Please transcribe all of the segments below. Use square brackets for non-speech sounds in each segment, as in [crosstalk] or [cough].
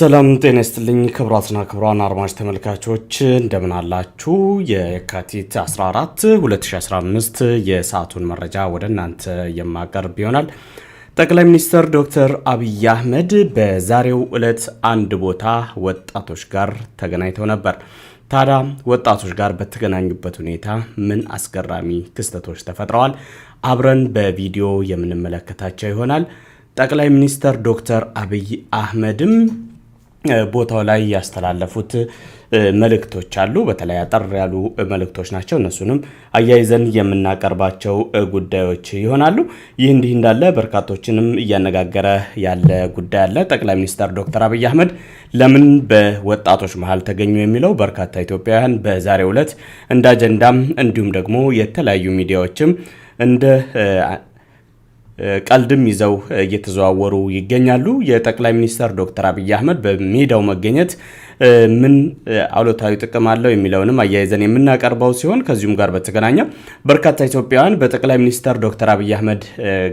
ሰላም ጤና ይስጥልኝ ክቡራትና ክቡራን አድማጭ ተመልካቾች እንደምን አላችሁ? የካቲት 14 2015 የሰዓቱን መረጃ ወደ እናንተ የማቀርብ ይሆናል። ጠቅላይ ሚኒስትር ዶክተር አብይ አህመድ በዛሬው ዕለት አንድ ቦታ ወጣቶች ጋር ተገናኝተው ነበር። ታዲያ ወጣቶች ጋር በተገናኙበት ሁኔታ ምን አስገራሚ ክስተቶች ተፈጥረዋል? አብረን በቪዲዮ የምንመለከታቸው ይሆናል። ጠቅላይ ሚኒስትር ዶክተር አብይ አህመድም ቦታው ላይ ያስተላለፉት መልእክቶች አሉ። በተለይ አጠር ያሉ መልእክቶች ናቸው። እነሱንም አያይዘን የምናቀርባቸው ጉዳዮች ይሆናሉ። ይህ እንዲህ እንዳለ በርካቶችንም እያነጋገረ ያለ ጉዳይ አለ። ጠቅላይ ሚኒስትር ዶክተር አብይ አህመድ ለምን በወጣቶች መሀል ተገኙ የሚለው በርካታ ኢትዮጵያውያን በዛሬው ዕለት እንደ አጀንዳም እንዲሁም ደግሞ የተለያዩ ሚዲያዎችም እንደ ቀልድም ይዘው እየተዘዋወሩ ይገኛሉ። የጠቅላይ ሚኒስትር ዶክተር አብይ አህመድ በሜዳው መገኘት ምን አውሎታዊ ጥቅም አለው የሚለውንም አያይዘን የምናቀርበው ሲሆን ከዚሁም ጋር በተገናኘ በርካታ ኢትዮጵያውያን በጠቅላይ ሚኒስትር ዶክተር አብይ አህመድ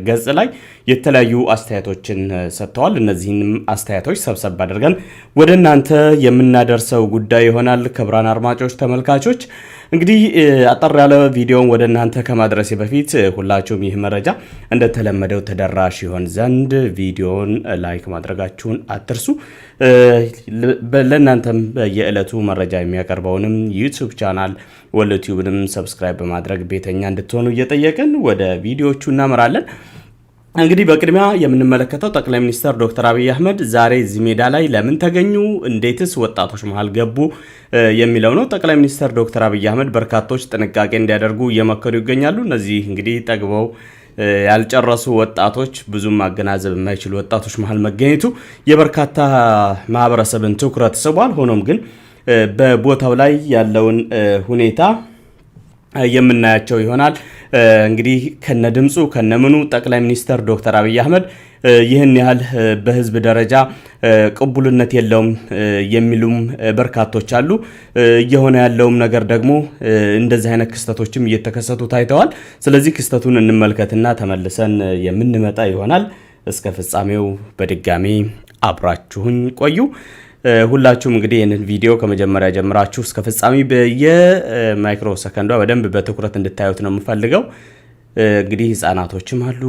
ገጽ ላይ የተለያዩ አስተያየቶችን ሰጥተዋል። እነዚህንም አስተያየቶች ሰብሰብ አድርገን ወደ እናንተ የምናደርሰው ጉዳይ ይሆናል። ክቡራን አድማጮች፣ ተመልካቾች እንግዲህ አጠር ያለ ቪዲዮን ወደ እናንተ ከማድረሴ በፊት ሁላችሁም ይህ መረጃ እንደተለመደው ተደራሽ ይሆን ዘንድ ቪዲዮን ላይክ ማድረጋችሁን አትርሱ። ለእናንተም የዕለቱ መረጃ የሚያቀርበውንም ዩቱብ ቻናል ወለዩቲዩብንም ሰብስክራይብ በማድረግ ቤተኛ እንድትሆኑ እየጠየቅን ወደ ቪዲዮቹ እናመራለን። እንግዲህ በቅድሚያ የምንመለከተው ጠቅላይ ሚኒስትር ዶክተር አብይ አህመድ ዛሬ እዚህ ሜዳ ላይ ለምን ተገኙ፣ እንዴትስ ወጣቶች መሀል ገቡ የሚለው ነው። ጠቅላይ ሚኒስትር ዶክተር አብይ አህመድ በርካቶች ጥንቃቄ እንዲያደርጉ እየመከሩ ይገኛሉ። እነዚህ እንግዲህ ጠግበው ያልጨረሱ ወጣቶች ብዙም ማገናዘብ የማይችሉ ወጣቶች መሀል መገኘቱ የበርካታ ማህበረሰብን ትኩረት ስቧል። ሆኖም ግን በቦታው ላይ ያለውን ሁኔታ የምናያቸው ይሆናል። እንግዲህ ከነ ድምፁ ከነምኑ ጠቅላይ ሚኒስትር ዶክተር አብይ አህመድ ይህን ያህል በህዝብ ደረጃ ቅቡልነት የለውም የሚሉም በርካቶች አሉ። እየሆነ ያለውም ነገር ደግሞ እንደዚህ አይነት ክስተቶችም እየተከሰቱ ታይተዋል። ስለዚህ ክስተቱን እንመልከትና ተመልሰን የምንመጣ ይሆናል። እስከ ፍጻሜው በድጋሚ አብራችሁን ቆዩ። ሁላችሁም እንግዲህ ይህንን ቪዲዮ ከመጀመሪያ ጀምራችሁ እስከ ፍጻሜ በየማይክሮ ሰከንዷ በደንብ በትኩረት እንድታዩት ነው የምፈልገው። እንግዲህ ህጻናቶችም አሉ።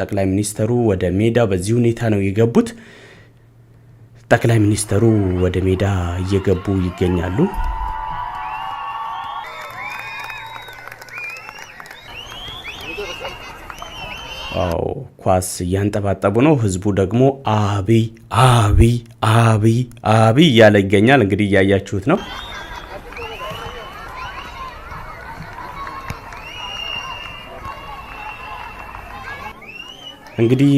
ጠቅላይ ሚኒስተሩ ወደ ሜዳ በዚህ ሁኔታ ነው የገቡት። ጠቅላይ ሚኒስተሩ ወደ ሜዳ እየገቡ ይገኛሉ። ኳስ እያንጠባጠቡ ነው። ህዝቡ ደግሞ አብይ አብይ አብይ አብይ እያለ ይገኛል። እንግዲህ እያያችሁት ነው። እንግዲህ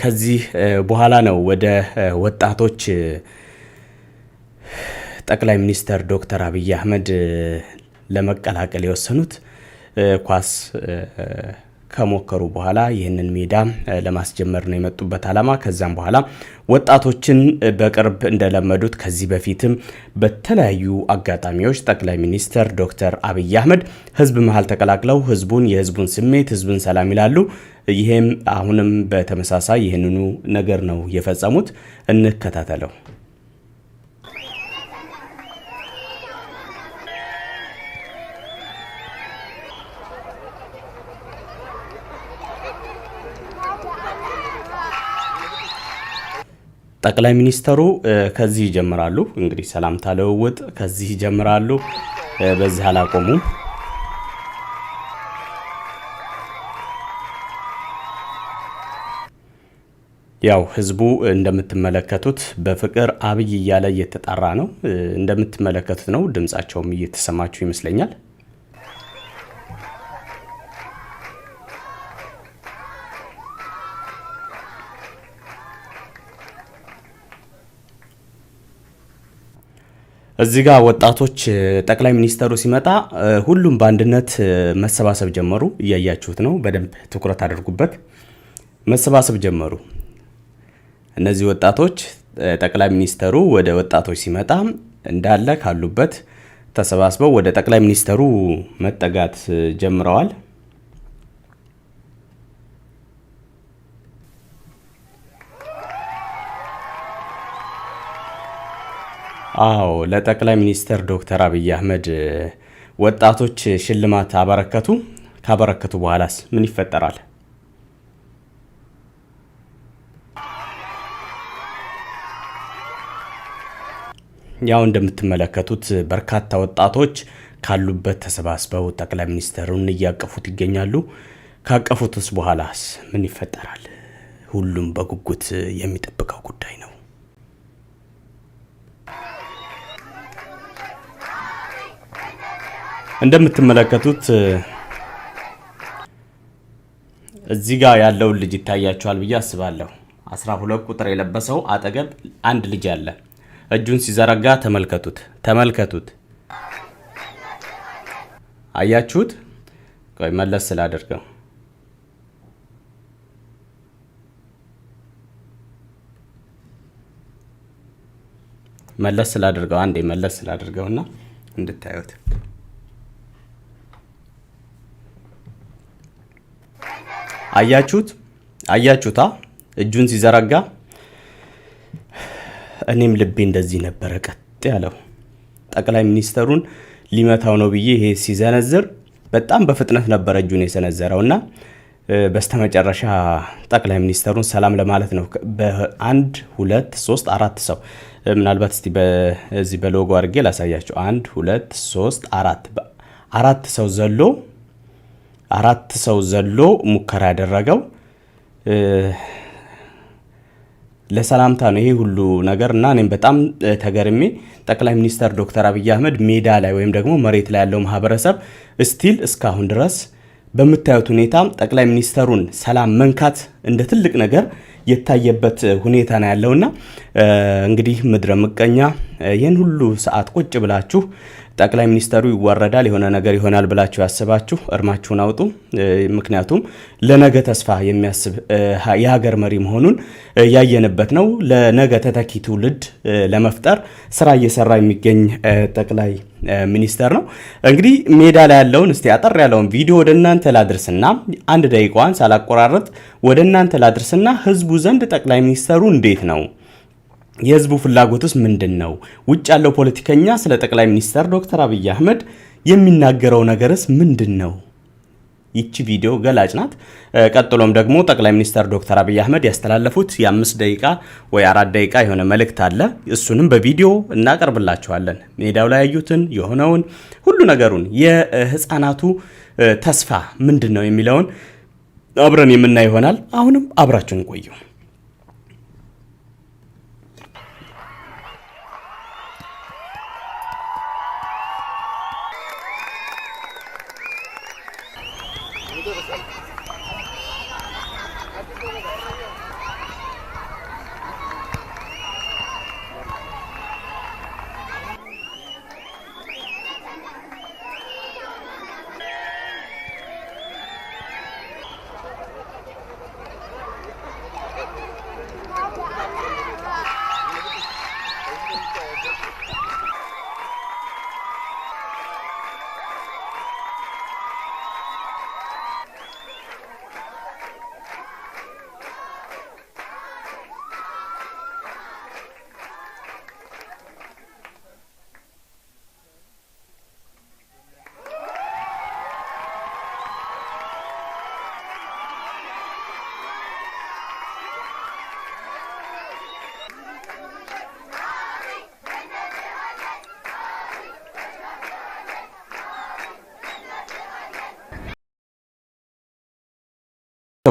ከዚህ በኋላ ነው ወደ ወጣቶች ጠቅላይ ሚኒስትር ዶክተር አብይ አህመድ ለመቀላቀል የወሰኑት ኳስ ከሞከሩ በኋላ ይህንን ሜዳ ለማስጀመር ነው የመጡበት ዓላማ። ከዛም በኋላ ወጣቶችን በቅርብ እንደለመዱት ከዚህ በፊትም በተለያዩ አጋጣሚዎች ጠቅላይ ሚኒስትር ዶክተር አብይ አህመድ ህዝብ መሀል ተቀላቅለው ህዝቡን የህዝቡን ስሜት ህዝብን ሰላም ይላሉ። ይሄም አሁንም በተመሳሳይ ይህንኑ ነገር ነው የፈጸሙት። እንከታተለው። ጠቅላይ ሚኒስተሩ ከዚህ ይጀምራሉ። እንግዲህ ሰላምታ ልውውጥ ከዚህ ይጀምራሉ። በዚህ አላቆሙም። ያው ህዝቡ እንደምትመለከቱት በፍቅር አብይ እያለ እየተጣራ ነው። እንደምትመለከቱት ነው። ድምጻቸውም እየተሰማችሁ ይመስለኛል። እዚህ ጋር ወጣቶች ጠቅላይ ሚኒስተሩ ሲመጣ ሁሉም በአንድነት መሰባሰብ ጀመሩ። እያያችሁት ነው። በደንብ ትኩረት አድርጉበት። መሰባሰብ ጀመሩ እነዚህ ወጣቶች። ጠቅላይ ሚኒስተሩ ወደ ወጣቶች ሲመጣ እንዳለ ካሉበት ተሰባስበው ወደ ጠቅላይ ሚኒስተሩ መጠጋት ጀምረዋል። አዎ ለጠቅላይ ሚኒስትር ዶክተር አብይ አህመድ ወጣቶች ሽልማት አበረከቱ። ካበረከቱ በኋላስ ምን ይፈጠራል? ያው እንደምትመለከቱት በርካታ ወጣቶች ካሉበት ተሰባስበው ጠቅላይ ሚኒስትሩን እያቀፉት ይገኛሉ። ካቀፉትስ በኋላስ ምን ይፈጠራል? ሁሉም በጉጉት የሚጠብቀው ጉዳይ ነው። እንደምትመለከቱት እዚህ ጋር ያለውን ልጅ ይታያቸዋል ብዬ አስባለሁ። 12 ቁጥር የለበሰው አጠገብ አንድ ልጅ አለ። እጁን ሲዘረጋ ተመልከቱት፣ ተመልከቱት። አያችሁት? ቆይ መለስ ስላደርገው መለስ ስላደርገው አንዴ መለስ ስላደርገውና እንድታዩት አያችሁት? አያችሁታ እጁን ሲዘረጋ እኔም ልቤ እንደዚህ ነበረ ቀጥ ያለው። ጠቅላይ ሚኒስተሩን ሊመታው ነው ብዬ ይሄ ሲዘነዝር በጣም በፍጥነት ነበረ እጁን የሰነዘረው እና በስተመጨረሻ ጠቅላይ ሚኒስተሩን ሰላም ለማለት ነው። በአንድ ሁለት ሶስት አራት ሰው ምናልባት እስቲ በዚህ በሎጎ አድርጌ ላሳያቸው። አንድ ሁለት ሶስት አራት አራት ሰው ዘሎ አራት ሰው ዘሎ ሙከራ ያደረገው ለሰላምታ ነው ይሄ ሁሉ ነገር እና እኔም በጣም ተገርሜ ጠቅላይ ሚኒስተር ዶክተር አብይ አህመድ ሜዳ ላይ ወይም ደግሞ መሬት ላይ ያለው ማህበረሰብ እስቲል እስካሁን ድረስ በምታዩት ሁኔታ ጠቅላይ ሚኒስተሩን ሰላም መንካት እንደ ትልቅ ነገር የታየበት ሁኔታ ነው ያለውና እንግዲህ ምድረ ምቀኛ ይህን ሁሉ ሰዓት ቁጭ ብላችሁ ጠቅላይ ሚኒስተሩ ይዋረዳል፣ የሆነ ነገር ይሆናል ብላችሁ ያስባችሁ እርማችሁን አውጡ። ምክንያቱም ለነገ ተስፋ የሚያስብ የሀገር መሪ መሆኑን ያየንበት ነው። ለነገ ተተኪ ትውልድ ለመፍጠር ስራ እየሰራ የሚገኝ ጠቅላይ ሚኒስተር ነው። እንግዲህ ሜዳ ላይ ያለውን እስቲ አጠር ያለውን ቪዲዮ ወደ እናንተ ላድርስና አንድ ደቂቃዋን ሳላቆራረጥ ወደ እናንተ ላድርስና ህዝቡ ዘንድ ጠቅላይ ሚኒስተሩ እንዴት ነው የህዝቡ ፍላጎትስ ምንድን ነው? ውጭ ያለው ፖለቲከኛ ስለ ጠቅላይ ሚኒስትር ዶክተር አብይ አህመድ የሚናገረው ነገርስ ምንድን ነው? ይቺ ቪዲዮ ገላጭ ናት። ቀጥሎም ደግሞ ጠቅላይ ሚኒስትር ዶክተር አብይ አህመድ ያስተላለፉት የአምስት ደቂቃ ወይ አራት ደቂቃ የሆነ መልእክት አለ። እሱንም በቪዲዮ እናቀርብላችኋለን። ሜዳው ላይ ያዩትን የሆነውን ሁሉ ነገሩን የህፃናቱ ተስፋ ምንድን ነው የሚለውን አብረን የምናይ ይሆናል። አሁንም አብራችሁን ቆየው።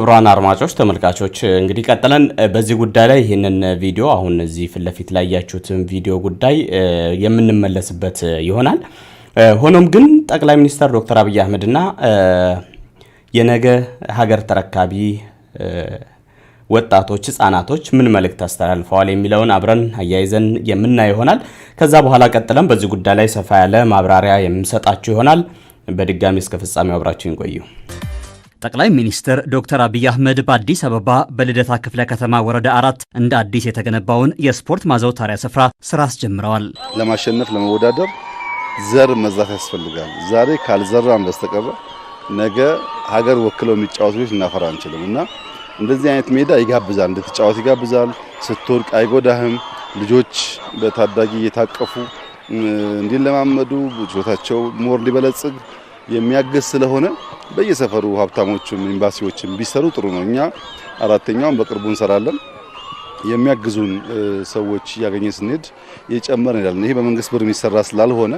ክቡራን አድማጮች ተመልካቾች እንግዲህ ቀጥለን በዚህ ጉዳይ ላይ ይህንን ቪዲዮ አሁን እዚህ ፊት ለፊት ላይ ያያችሁትን ቪዲዮ ጉዳይ የምንመለስበት ይሆናል። ሆኖም ግን ጠቅላይ ሚኒስትር ዶክተር አብይ አህመድና የነገ ሀገር ተረካቢ ወጣቶች ህጻናቶች ምን መልእክት አስተላልፈዋል የሚለውን አብረን አያይዘን የምናይ ይሆናል። ከዛ በኋላ ቀጥለን በዚህ ጉዳይ ላይ ሰፋ ያለ ማብራሪያ የምንሰጣችሁ ይሆናል። በድጋሚ እስከ ፍጻሜው አብራችሁ ይቆዩ። ጠቅላይ ሚኒስትር ዶክተር አብይ አህመድ በአዲስ አበባ በልደታ ክፍለ ከተማ ወረዳ አራት እንደ አዲስ የተገነባውን የስፖርት ማዘውታሪያ ስፍራ ስራ አስጀምረዋል። ለማሸነፍ ለመወዳደር ዘር መዝራት ያስፈልጋል። ዛሬ ካልዘራን በስተቀረ ነገ ሀገር ወክለው የሚጫወቱ ልጆች እናፈራ አንችልም እና እንደዚህ አይነት ሜዳ ይጋብዛል። እንድትጫወት ይጋብዛል። ስትወድቅ አይጎዳህም። ልጆች በታዳጊ እየታቀፉ እንዲለማመዱ ችሎታቸው ሞር ሊበለጽግ የሚያግዝ ስለሆነ በየሰፈሩ ሀብታሞችም ኤምባሲዎችም ቢሰሩ ጥሩ ነው። እኛ አራተኛውን በቅርቡ እንሰራለን። የሚያግዙን ሰዎች እያገኘ ስንሄድ እየጨመርን እንሄዳለን። ይሄ በመንግስት ብር የሚሰራ ስላልሆነ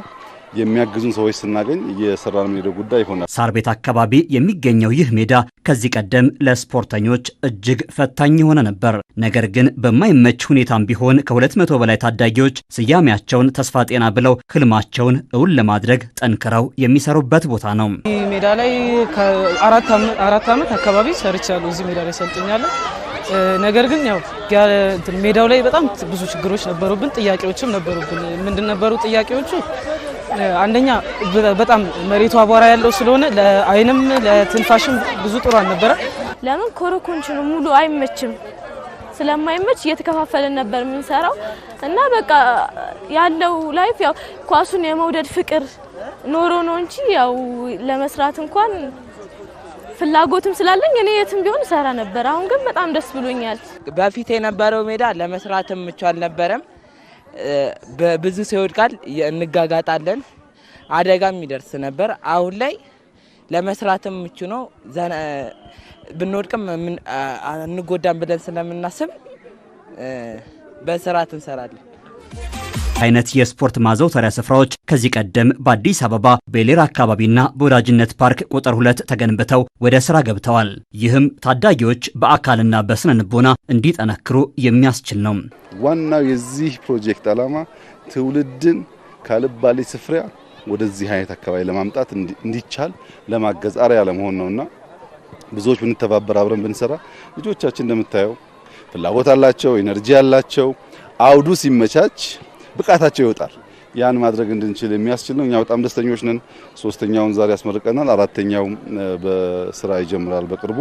የሚያግዙን ሰዎች ስናገኝ እየሰራን የምንሄደው ጉዳይ ይሆናል። ሳር ቤት አካባቢ የሚገኘው ይህ ሜዳ ከዚህ ቀደም ለስፖርተኞች እጅግ ፈታኝ የሆነ ነበር። ነገር ግን በማይመች ሁኔታም ቢሆን ከሁለት መቶ በላይ ታዳጊዎች ስያሜያቸውን ተስፋ ጤና ብለው ህልማቸውን እውን ለማድረግ ጠንክረው የሚሰሩበት ቦታ ነው። ሜዳ ላይ አራት ዓመት አካባቢ ሰርቻለሁ። እዚህ ሜዳ ላይ ሰልጥኛለሁ። ነገር ግን ያው ሜዳው ላይ በጣም ብዙ ችግሮች ነበሩብን፣ ጥያቄዎችም ነበሩብን። ምንድን ነበሩ ጥያቄዎቹ? አንደኛ በጣም መሬቱ አቧራ ያለው ስለሆነ ለአይንም ለትንፋሽም ብዙ ጥሩ አልነበረ። ለምን ኮረኮንች ነው ሙሉ አይመችም ስለማይመች እየተከፋፈልን ነበር የምንሰራው እና በቃ ያለው ላይፍ ያው ኳሱን የመውደድ ፍቅር ኖሮ ነው እንጂ ያው ለመስራት እንኳን ፍላጎትም ስላለኝ እኔ የትም ቢሆን እሰራ ነበር። አሁን ግን በጣም ደስ ብሎኛል። በፊት የነበረው ሜዳ ለመስራት ምቹ አልነበረም። በብዙ ሰው ይወድቃል፣ እንጋጋጣለን፣ አደጋም ይደርስ ነበር። አሁን ላይ ለመስራትም ምቹ ነው። ብንወድቅም እንጎዳን ብለን ስለምናስብ በስርዓት እንሰራለን። አይነት የስፖርት ማዘውተሪያ ስፍራዎች ከዚህ ቀደም በአዲስ አበባ በሌር አካባቢና በወዳጅነት ፓርክ ቁጥር ሁለት ተገንብተው ወደ ስራ ገብተዋል። ይህም ታዳጊዎች በአካልና በስነ ልቦና እንዲጠነክሩ የሚያስችል ነው። ዋናው የዚህ ፕሮጀክት ዓላማ ትውልድን ካልባሌ ስፍራ ወደዚህ አይነት አካባቢ ለማምጣት እንዲቻል ለማገዝ አርአያ ለመሆን ነውና ብዙዎች ብንተባበር አብረን ብንሰራ ልጆቻችን እንደምታየው ፍላጎት አላቸው፣ ኢነርጂ አላቸው። አውዱ ሲመቻች ብቃታቸው ይወጣል። ያን ማድረግ እንድንችል የሚያስችል ነው። እኛ በጣም ደስተኞች ነን። ሶስተኛውን ዛሬ ያስመርቀናል። አራተኛው በስራ ይጀምራል በቅርቡ።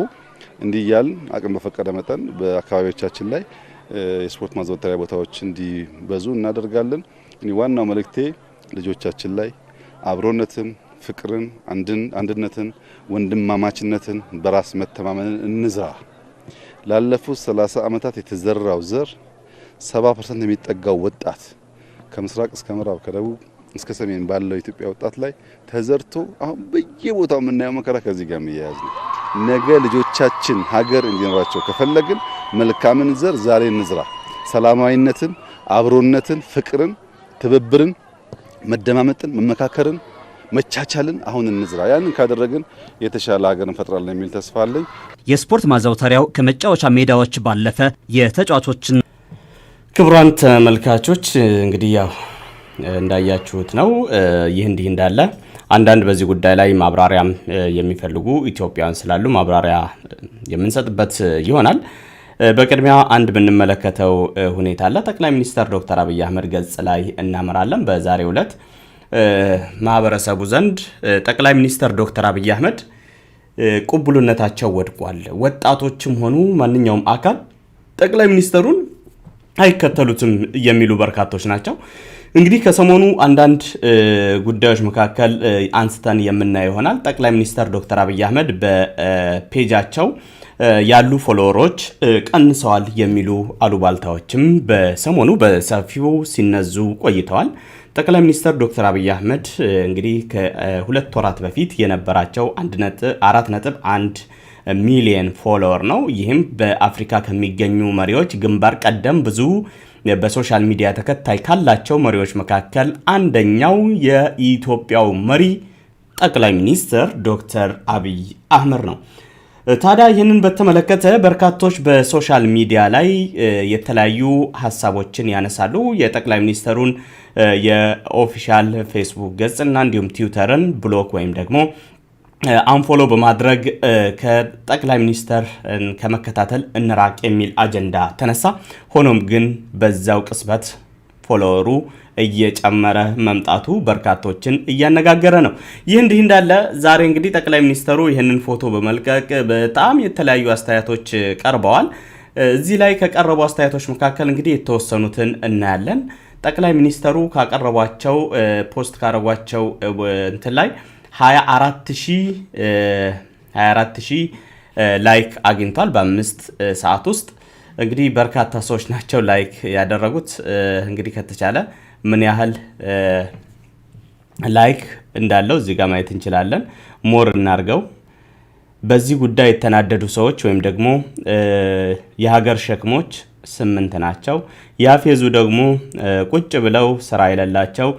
እንዲህ እያልን አቅም በፈቀደ መጠን በአካባቢዎቻችን ላይ የስፖርት ማዘወተሪያ ቦታዎች እንዲበዙ እናደርጋለን። እኔ ዋናው መልእክቴ ልጆቻችን ላይ አብሮነትን፣ ፍቅርን፣ አንድነትን፣ ወንድማማችነትን፣ በራስ መተማመንን እንዝራ። ላለፉት 30 ዓመታት የተዘራው ዘር 70 ፐርሰንት የሚጠጋው ወጣት ከምስራቅ እስከ ምዕራብ ከደቡብ እስከ ሰሜን ባለው ኢትዮጵያ ወጣት ላይ ተዘርቶ አሁን በየቦታው የምናየው መከራ ከዚህ ጋር የሚያያዝ ነው። ነገ ልጆቻችን ሀገር እንዲኖራቸው ከፈለግን መልካምን ዘር ዛሬ እንዝራ። ሰላማዊነትን፣ አብሮነትን፣ ፍቅርን፣ ትብብርን፣ መደማመጥን፣ መመካከርን፣ መቻቻልን አሁን እንዝራ። ያንን ካደረግን የተሻለ ሀገር እንፈጥራለን የሚል ተስፋ አለኝ። የስፖርት ማዘውተሪያው ከመጫወቻ ሜዳዎች ባለፈ የተጫዋቾችን ክቡራን ተመልካቾች እንግዲህ ያው እንዳያችሁት ነው። ይህ እንዲህ እንዳለ አንዳንድ በዚህ ጉዳይ ላይ ማብራሪያም የሚፈልጉ ኢትዮጵያውያን ስላሉ ማብራሪያ የምንሰጥበት ይሆናል። በቅድሚያ አንድ የምንመለከተው ሁኔታ አለ። ጠቅላይ ሚኒስትር ዶክተር አብይ አህመድ ገጽ ላይ እናመራለን። በዛሬው ዕለት ማህበረሰቡ ዘንድ ጠቅላይ ሚኒስትር ዶክተር አብይ አህመድ ቅቡልነታቸው ወድቋል። ወጣቶችም ሆኑ ማንኛውም አካል ጠቅላይ ሚኒስትሩን አይከተሉትም የሚሉ በርካቶች ናቸው። እንግዲህ ከሰሞኑ አንዳንድ ጉዳዮች መካከል አንስተን የምናየው ይሆናል። ጠቅላይ ሚኒስትር ዶክተር አብይ አህመድ በፔጃቸው ያሉ ፎሎወሮች ቀንሰዋል የሚሉ አሉባልታዎችም በሰሞኑ በሰፊው ሲነዙ ቆይተዋል። ጠቅላይ ሚኒስትር ዶክተር አብይ አህመድ እንግዲህ ከሁለት ወራት በፊት የነበራቸው 4 ነጥብ 1 ሚሊየን ፎሎወር ነው። ይህም በአፍሪካ ከሚገኙ መሪዎች ግንባር ቀደም ብዙ በሶሻል ሚዲያ ተከታይ ካላቸው መሪዎች መካከል አንደኛው የኢትዮጵያው መሪ ጠቅላይ ሚኒስትር ዶክተር አብይ አህመድ ነው። ታዲያ ይህንን በተመለከተ በርካቶች በሶሻል ሚዲያ ላይ የተለያዩ ሀሳቦችን ያነሳሉ። የጠቅላይ ሚኒስትሩን የኦፊሻል ፌስቡክ ገጽና እንዲሁም ትዊተርን ብሎክ ወይም ደግሞ አንፎሎ በማድረግ ከጠቅላይ ሚኒስተር ከመከታተል እንራቅ የሚል አጀንዳ ተነሳ። ሆኖም ግን በዛው ቅጽበት ፎሎወሩ እየጨመረ መምጣቱ በርካቶችን እያነጋገረ ነው። ይህ እንዲህ እንዳለ ዛሬ እንግዲህ ጠቅላይ ሚኒስተሩ ይህንን ፎቶ በመልቀቅ በጣም የተለያዩ አስተያየቶች ቀርበዋል። እዚህ ላይ ከቀረቡ አስተያየቶች መካከል እንግዲህ የተወሰኑትን እናያለን። ጠቅላይ ሚኒስተሩ ካቀረቧቸው ፖስት ካረጓቸው እንትን ላይ 24000 ላይክ አግኝቷል በአምስት ሰዓት ውስጥ። እንግዲህ በርካታ ሰዎች ናቸው ላይክ ያደረጉት። እንግዲህ ከተቻለ ምን ያህል ላይክ እንዳለው እዚህ ጋር ማየት እንችላለን። ሞር እናርገው። በዚህ ጉዳይ የተናደዱ ሰዎች ወይም ደግሞ የሀገር ሸክሞች ስምንት ናቸው። ያፌዙ ደግሞ ቁጭ ብለው ስራ የሌላቸው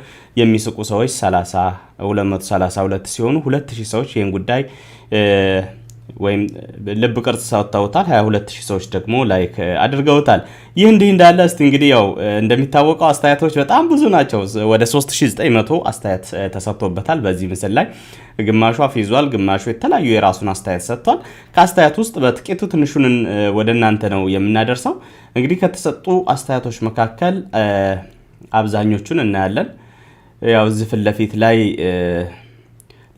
የሚስቁ ሰዎች 232 ሲሆኑ 2000 ሰዎች ይህን ጉዳይ ወይም ልብ ቅርጽ ሰጥተውታል። 22000 ሰዎች ደግሞ ላይክ አድርገውታል። ይህ እንዲህ እንዳለ እስቲ እንግዲህ ያው እንደሚታወቀው አስተያየቶች በጣም ብዙ ናቸው። ወደ 3900 አስተያየት ተሰጥቶበታል በዚህ ምስል ላይ ግማሹ አፍይዟል፣ ግማሹ የተለያዩ የራሱን አስተያየት ሰጥቷል። ከአስተያየት ውስጥ በጥቂቱ ትንሹን ወደ እናንተ ነው የምናደርሰው። እንግዲህ ከተሰጡ አስተያየቶች መካከል አብዛኞቹን እናያለን። ያው እዚህ ፊት ለፊት ላይ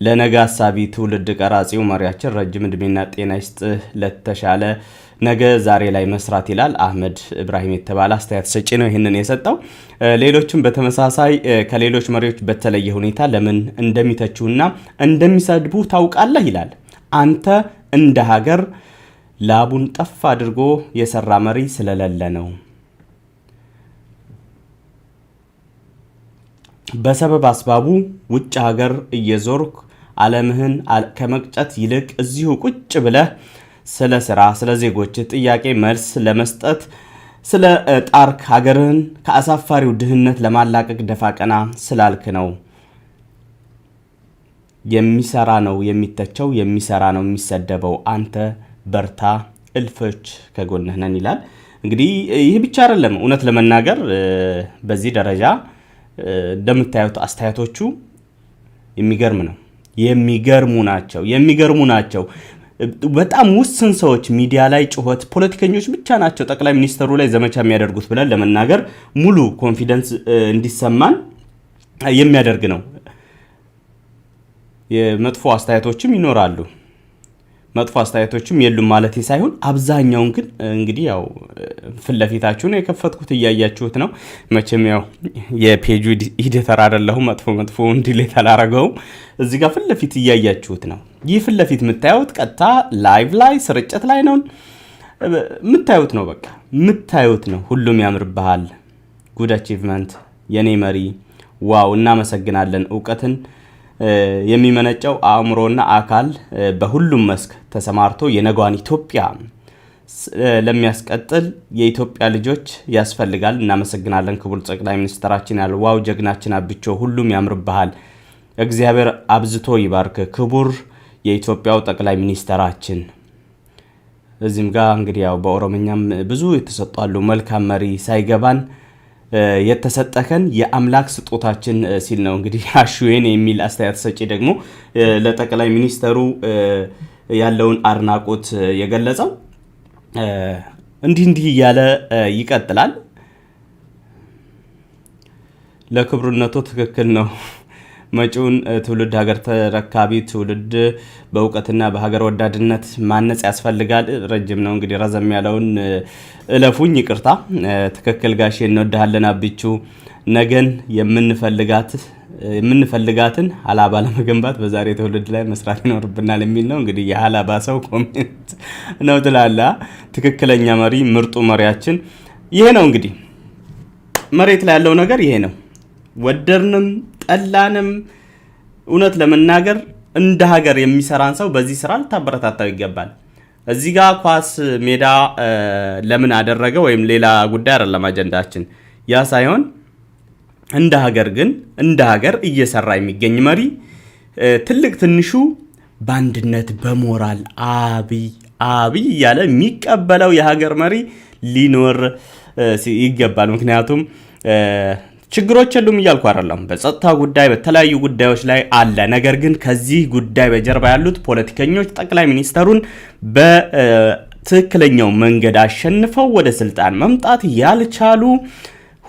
ለነገ አሳቢ ትውልድ ቀራጺው መሪያችን ረጅም እድሜና ጤና ይስጥህ፣ ለተሻለ ነገ ዛሬ ላይ መስራት ይላል። አህመድ እብራሂም የተባለ አስተያየት ሰጪ ነው ይህንን የሰጠው። ሌሎችም በተመሳሳይ ከሌሎች መሪዎች በተለየ ሁኔታ ለምን እንደሚተቹና እንደሚሰድቡ ታውቃለህ ይላል። አንተ እንደ ሀገር ላቡን ጠፍ አድርጎ የሰራ መሪ ስለሌለ ነው። በሰበብ አስባቡ ውጭ ሀገር እየዞርክ ዓለምህን ከመቅጨት ይልቅ እዚሁ ቁጭ ብለህ ስለ ስራ፣ ስለ ዜጎች ጥያቄ መልስ ለመስጠት ስለ ጣርክ ሀገርህን ከአሳፋሪው ድህነት ለማላቀቅ ደፋ ቀና ስላልክ ነው። የሚሰራ ነው የሚተቸው፣ የሚሰራ ነው የሚሰደበው። አንተ በርታ፣ እልፎች ከጎንህ ነን ይላል። እንግዲህ ይህ ብቻ አይደለም። እውነት ለመናገር በዚህ ደረጃ እንደምታዩት አስተያየቶቹ የሚገርም ነው። የሚገርሙ ናቸው። የሚገርሙ ናቸው። በጣም ውስን ሰዎች ሚዲያ ላይ ጩኸት፣ ፖለቲከኞች ብቻ ናቸው ጠቅላይ ሚኒስትሩ ላይ ዘመቻ የሚያደርጉት ብለን ለመናገር ሙሉ ኮንፊደንስ እንዲሰማን የሚያደርግ ነው። የመጥፎ አስተያየቶችም ይኖራሉ። መጥፎ አስተያየቶችም የሉም ማለት ሳይሆን አብዛኛውን ግን እንግዲህ ያው ፍለፊታችሁን የከፈትኩት እያያችሁት ነው። መቼም ያው የፔጁ ኢዲተር አደለሁ መጥፎ መጥፎ እንዲሌት አላረገውም። እዚህ ጋር ፍለፊት ለፊት እያያችሁት ነው። ይህ ፍለፊት ለፊት የምታዩት ቀጥታ ላይቭ ላይ ስርጭት ላይ ነው የምታዩት ነው። በቃ የምታዩት ነው። ሁሉም ያምርብሃል። ጉድ አቺቭመንት፣ የኔ መሪ፣ ዋው! እናመሰግናለን እውቀትን የሚመነጨው አእምሮና አካል በሁሉም መስክ ተሰማርቶ የነጓን ኢትዮጵያ ለሚያስቀጥል የኢትዮጵያ ልጆች ያስፈልጋል። እናመሰግናለን ክቡር ጠቅላይ ሚኒስትራችን ያል ዋው ጀግናችን አብቾ ሁሉም ያምርብሃል፣ እግዚአብሔር አብዝቶ ይባርክ ክቡር የኢትዮጵያው ጠቅላይ ሚኒስትራችን። እዚህም ጋር እንግዲህ ያው በኦሮምኛም ብዙ የተሰጧሉ መልካም መሪ ሳይገባን የተሰጠከን የአምላክ ስጦታችን ሲል ነው እንግዲህ [laughs] አሹዌን የሚል አስተያየት ሰጪ ደግሞ ለጠቅላይ ሚኒስተሩ ያለውን አድናቆት የገለጸው። እንዲህ እንዲህ እያለ ይቀጥላል። ለክብርነቱ ትክክል ነው። መጪውን ትውልድ ሀገር ተረካቢ ትውልድ በእውቀትና በሀገር ወዳድነት ማነጽ ያስፈልጋል። ረጅም ነው እንግዲህ ረዘም ያለውን እለፉኝ፣ ይቅርታ። ትክክል ጋሼ፣ እንወድሃለን አብቹ። ነገን የምንፈልጋት የምንፈልጋትን ሀላባ ለመገንባት በዛሬ ትውልድ ላይ መስራት ይኖርብናል የሚል ነው። እንግዲህ የሀላባ ሰው ኮሜንት ነው ትላላ። ትክክለኛ መሪ፣ ምርጡ መሪያችን ይሄ ነው። እንግዲህ መሬት ላይ ያለው ነገር ይሄ ነው። ወደርንም ጠላንም እውነት ለመናገር እንደ ሀገር የሚሰራን ሰው በዚህ ስራ ልታበረታታው ይገባል። እዚህ ጋር ኳስ ሜዳ ለምን አደረገ ወይም ሌላ ጉዳይ አይደለም አጀንዳችን። ያ ሳይሆን እንደ ሀገር ግን እንደ ሀገር እየሰራ የሚገኝ መሪ ትልቅ ትንሹ በአንድነት በሞራል አብይ አብይ እያለ የሚቀበለው የሀገር መሪ ሊኖር ይገባል። ምክንያቱም ችግሮች የሉም እያልኩ አይደለም። በጸጥታ ጉዳይ፣ በተለያዩ ጉዳዮች ላይ አለ። ነገር ግን ከዚህ ጉዳይ በጀርባ ያሉት ፖለቲከኞች ጠቅላይ ሚኒስተሩን በትክክለኛው መንገድ አሸንፈው ወደ ስልጣን መምጣት ያልቻሉ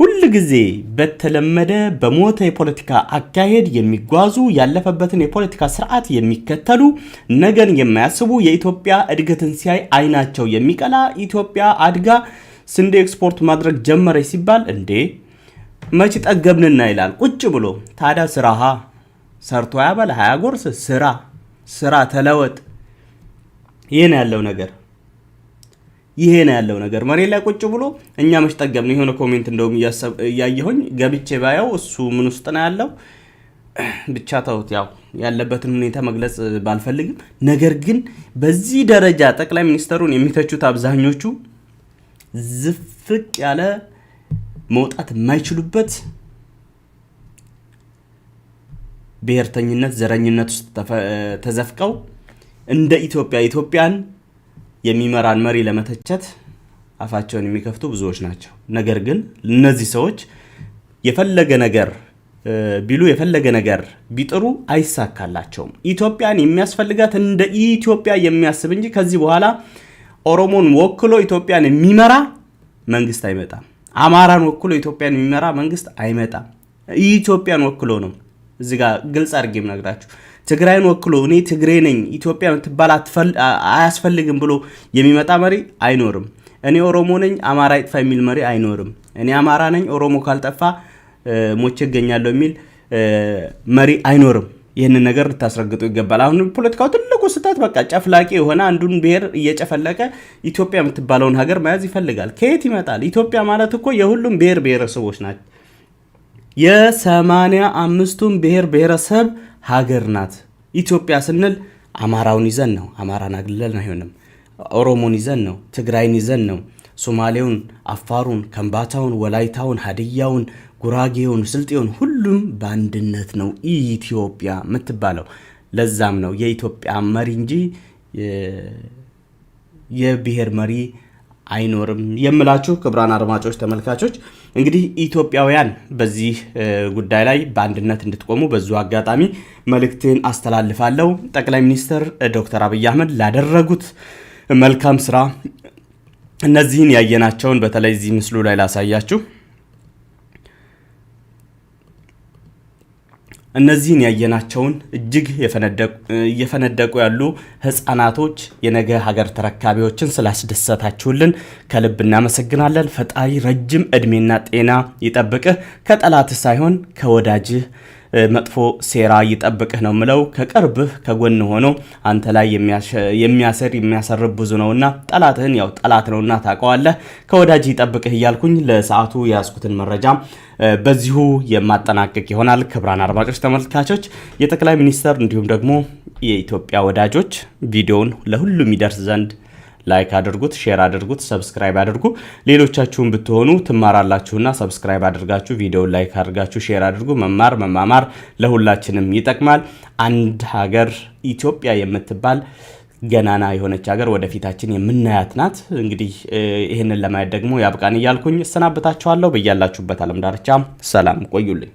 ሁል ጊዜ በተለመደ በሞተ የፖለቲካ አካሄድ የሚጓዙ ያለፈበትን የፖለቲካ ስርዓት የሚከተሉ ነገን የማያስቡ የኢትዮጵያ እድገትን ሲያይ አይናቸው የሚቀላ ኢትዮጵያ አድጋ ስንዴ ኤክስፖርት ማድረግ ጀመረች ሲባል እንዴ መች ጠገብንና ይላል ቁጭ ብሎ። ታዲያ ስራሃ ሰርቶ ያበላ ያጎርስ ስራ ስራ ተለወጥ። ይሄ ነው ያለው ነገር ይሄ ነው ያለው ነገር። መሬት ላይ ቁጭ ብሎ እኛ መች ጠገብን። የሆነ ኮሜንት እንደውም እያየሁኝ ገብቼ ባየው እሱ ምን ውስጥ ነው ያለው ብቻ ተውት። ያው ያለበትን ሁኔታ መግለጽ ባልፈልግም፣ ነገር ግን በዚህ ደረጃ ጠቅላይ ሚኒስትሩን የሚተቹት አብዛኞቹ ዝፍቅ ያለ መውጣት የማይችሉበት ብሔርተኝነት፣ ዘረኝነት ውስጥ ተዘፍቀው እንደ ኢትዮጵያ ኢትዮጵያን የሚመራን መሪ ለመተቸት አፋቸውን የሚከፍቱ ብዙዎች ናቸው። ነገር ግን እነዚህ ሰዎች የፈለገ ነገር ቢሉ የፈለገ ነገር ቢጥሩ አይሳካላቸውም። ኢትዮጵያን የሚያስፈልጋት እንደ ኢትዮጵያ የሚያስብ እንጂ ከዚህ በኋላ ኦሮሞን ወክሎ ኢትዮጵያን የሚመራ መንግስት አይመጣም። አማራን ወክሎ ኢትዮጵያን የሚመራ መንግስት አይመጣም። ኢትዮጵያን ወክሎ ነው። እዚ ጋ ግልጽ አድርጌም ነግራችሁ ትግራይን ወክሎ እኔ ትግሬ ነኝ ኢትዮጵያ ትባል አያስፈልግም ብሎ የሚመጣ መሪ አይኖርም። እኔ ኦሮሞ ነኝ አማራ ይጥፋ የሚል መሪ አይኖርም። እኔ አማራ ነኝ ኦሮሞ ካልጠፋ ሞቼ እገኛለሁ የሚል መሪ አይኖርም። ይህንን ነገር ልታስረግጡ ይገባል። አሁን ፖለቲካው ትልቁ ስህተት በቃ ጨፍላቂ የሆነ አንዱን ብሔር እየጨፈለቀ ኢትዮጵያ የምትባለውን ሀገር መያዝ ይፈልጋል። ከየት ይመጣል? ኢትዮጵያ ማለት እኮ የሁሉም ብሔር ብሔረሰቦች ናቸው። የሰማንያ አምስቱን ብሔር ብሔረሰብ ሀገር ናት ኢትዮጵያ ስንል አማራውን ይዘን ነው። አማራን አግለል አይሆንም። ኦሮሞን ይዘን ነው። ትግራይን ይዘን ነው። ሶማሌውን፣ አፋሩን፣ ከምባታውን፣ ወላይታውን፣ ሀድያውን ጉራጌውን፣ ስልጤውን ሁሉም በአንድነት ነው ኢትዮጵያ የምትባለው። ለዛም ነው የኢትዮጵያ መሪ እንጂ የብሔር መሪ አይኖርም የምላችሁ ክቡራን አድማጮች፣ ተመልካቾች እንግዲህ ኢትዮጵያውያን በዚህ ጉዳይ ላይ በአንድነት እንድትቆሙ በዙ አጋጣሚ መልእክትን አስተላልፋለሁ። ጠቅላይ ሚኒስትር ዶክተር አብይ አህመድ ላደረጉት መልካም ስራ እነዚህን ያየናቸውን በተለይ እዚህ ምስሉ ላይ ላሳያችሁ እነዚህን ያየናቸውን እጅግ እየፈነደቁ ያሉ ህፃናቶች የነገ ሀገር ተረካቢዎችን ስላስደሰታችሁልን ከልብ እናመሰግናለን። ፈጣሪ ረጅም እድሜና ጤና ይጠብቅህ፣ ከጠላትህ ሳይሆን ከወዳጅህ መጥፎ ሴራ ይጠብቅህ ነው ምለው። ከቅርብህ ከጎን ሆኖ አንተ ላይ የሚያስር የሚያሰርብ ብዙ ነውና ጠላትህን ያው ጠላት ነውና ታውቀዋለህ። ከወዳጅ ይጠብቅህ እያልኩኝ ለሰዓቱ የያዝኩትን መረጃ በዚሁ የማጠናቀቅ ይሆናል። ክቡራን አድማጮች ተመልካቾች፣ የጠቅላይ ሚኒስተር እንዲሁም ደግሞ የኢትዮጵያ ወዳጆች ቪዲዮውን ለሁሉም ይደርስ ዘንድ ላይክ አድርጉት፣ ሼር አድርጉት፣ ሰብስክራይብ አድርጉ። ሌሎቻችሁም ብትሆኑ ትማራላችሁና ሰብስክራይብ አድርጋችሁ ቪዲዮን ላይክ አድርጋችሁ ሼር አድርጉ። መማር መማማር ለሁላችንም ይጠቅማል። አንድ ሀገር ኢትዮጵያ የምትባል ገናና የሆነች ሀገር ወደፊታችን የምናያት ናት። እንግዲህ ይህንን ለማየት ደግሞ ያብቃን እያልኩኝ እሰናበታችኋለሁ። በያላችሁበት ዓለም ዳርቻ ሰላም ቆዩልኝ።